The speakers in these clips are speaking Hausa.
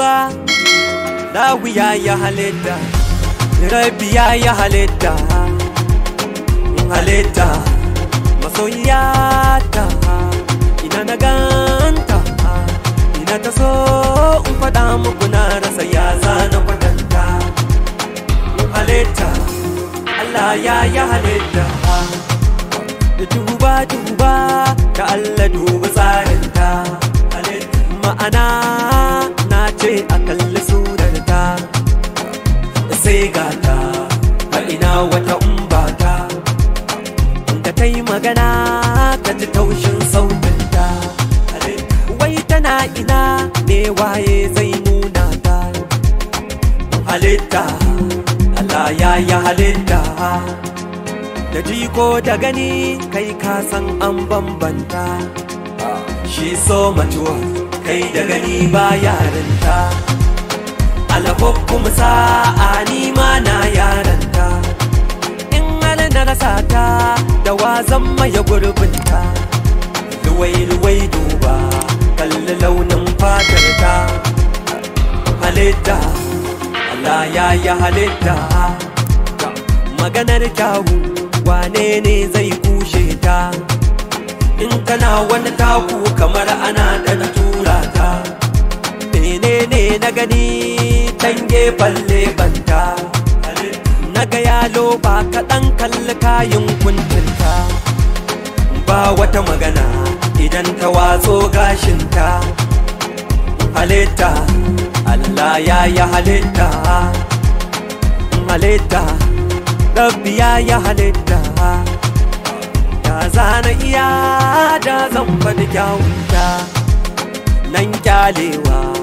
ba lawiya ya halitta rabiya ya halitta halitta ta ina na ganta ina ta so in faɗa muku na rasa ya zana kwatanta halitta Allah ya ya halitta da duba duba ka Allah duba tsarinta ma'ana ce a kalli surar ta sai ga ta a ina wata umbata da ta yi magana ka ji taushin ta. wai tana ina ne waye zai nuna ta halitta Allah ya yi halitta da ko da gani kai ka san an bambanta shi so worth kai da gani ba yaranta. alabab kuma sa'a ni ma na yaranta. in ala na rasa ta da wa zan maye gurbinta luwai luwai duba kalli launin fatar ta halitta Allah ya yi halitta maganar kyawu wane ne zai kushe ta in kana wani taku kamar ana ɗantu gani tange gefen lebanta na ga yalo ba kaɗan kalli kayan kuntinta ba wata magana idan ta watso gashinta halitta Allah ya yi halitta halitta rabbi ya yi halitta da zana iya da zan faɗi kyawunta nan kyalewa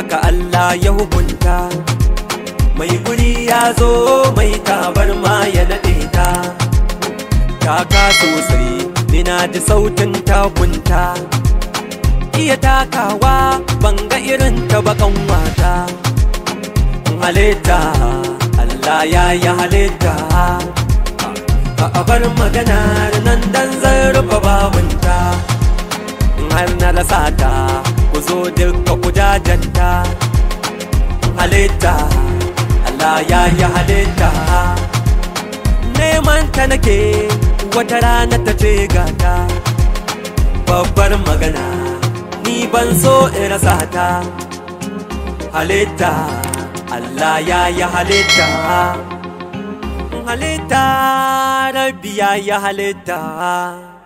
haka Allah ya hukunta mai guri ya zo mai tabar ma ya naɗe ta taka sosai nina da sautin takunta iya takawa ban ga irin ta bakan wata halitta Allah ya yi halitta a bar maganar nan dan zan rufe babunta har na rasa ta ku zo dukka ku jajanta halitta Allah ya yi halitta neman ta nake wata rana ta ce gata babbar magana ni ban so in rasa ta halitta Allah ya yi halitta halitta rabbi ya yi halitta